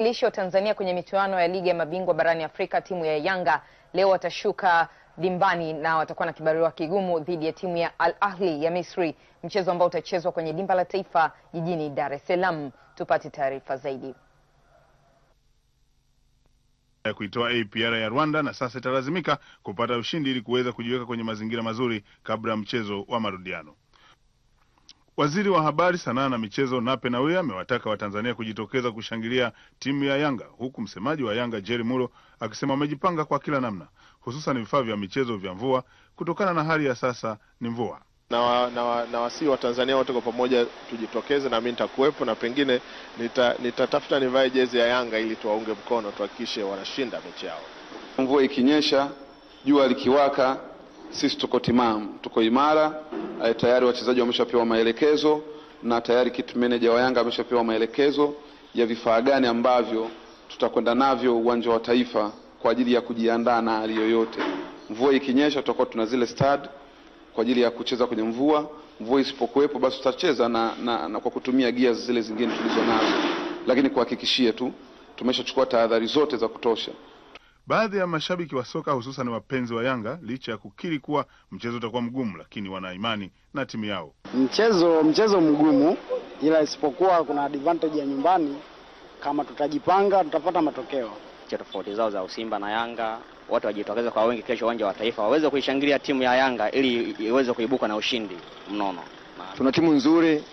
Wakilishi wa Tanzania kwenye michuano ya ligi ya mabingwa barani Afrika, timu ya Yanga leo watashuka dimbani na watakuwa na kibarua kigumu dhidi ya timu ya Al Ahli ya Misri, mchezo ambao utachezwa kwenye dimba la taifa jijini Dar es Salaam. Tupate taarifa zaidi. ya kuitoa APR ya Rwanda na sasa italazimika kupata ushindi ili kuweza kujiweka kwenye mazingira mazuri kabla ya mchezo wa marudiano. Waziri wa Habari, Sanaa na Michezo Nape Nnauye amewataka Watanzania kujitokeza kushangilia timu ya Yanga, huku msemaji wa Yanga Jerry Muro akisema wamejipanga kwa kila namna, hususan vifaa vya michezo vya mvua kutokana na hali ya sasa ni mvua na wa, na, wa, na wasi Watanzania wote kwa pamoja tujitokeze, na mimi nitakuwepo na pengine nitatafuta nita nivae jezi ya Yanga ili tuwaunge mkono, tuhakikishe wanashinda mechi yao. Mvua ikinyesha, jua likiwaka sisi tuko timamu, tuko imara e, tayari wachezaji wameshapewa maelekezo na tayari kit manager wa Yanga ameshapewa maelekezo ya vifaa gani ambavyo tutakwenda navyo uwanja wa Taifa kwa ajili ya kujiandaa na hali yoyote. Mvua ikinyesha, tutakuwa tuna zile stad kwa ajili ya kucheza kwenye mvua. Mvua isipokuwepo, basi tutacheza na, na, na kwa kutumia gia zile zingine tulizo nazo, lakini kuhakikishia tu tumeshachukua tahadhari zote za kutosha. Baadhi ya mashabiki wa soka hususan wapenzi wa Yanga licha ya kukiri kuwa mchezo utakuwa mgumu, lakini wana imani na timu yao. Mchezo mchezo mgumu, ila isipokuwa kuna advantage ya nyumbani. Kama tutajipanga, tutapata matokeo. Tofauti zao za Usimba na Yanga, watu wajitokeze kwa wengi kesho uwanja wa Taifa waweze kuishangilia timu ya Yanga ili iweze kuibuka na ushindi mnono. Tuna timu nzuri,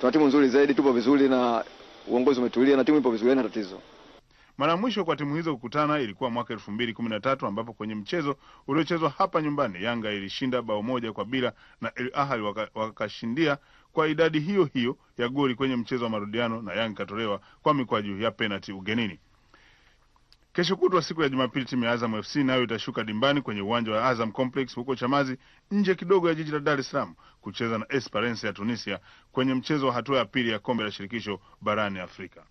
tuna timu nzuri zaidi, tupo vizuri na uongozi umetulia na timu ipo vizuri na tatizo mara mwisho kwa timu hizo kukutana ilikuwa mwaka elfu mbili kumi na tatu ambapo kwenye mchezo uliochezwa hapa nyumbani Yanga ilishinda bao moja kwa bila na Ahali wakashindia waka, wakashindia kwa idadi hiyo hiyo ya goli kwenye mchezo wa marudiano na Yanga ikatolewa kwa mikwaju ya penati ugenini. Kesho kutwa siku ya Jumapili timu ya Azam FC nayo itashuka dimbani kwenye uwanja wa Azam Complex huko Chamazi, nje kidogo ya jiji la Dar es Salaam kucheza na Esperance ya Tunisia kwenye mchezo wa hatua ya pili ya kombe la shirikisho barani Afrika.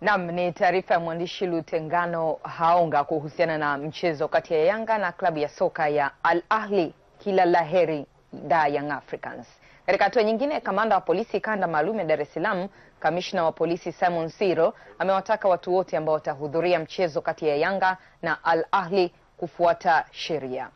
Nam, ni taarifa ya mwandishi Lutengano Haonga kuhusiana na mchezo kati ya Yanga na klabu ya soka ya Al Ahli. Kila laheri da Young Africans. Katika hatua nyingine, kamanda wa polisi kanda maalum ya Dar es Salaam, kamishna wa polisi Simon Siro amewataka watu wote ambao watahudhuria mchezo kati ya Yanga na Al Ahli kufuata sheria.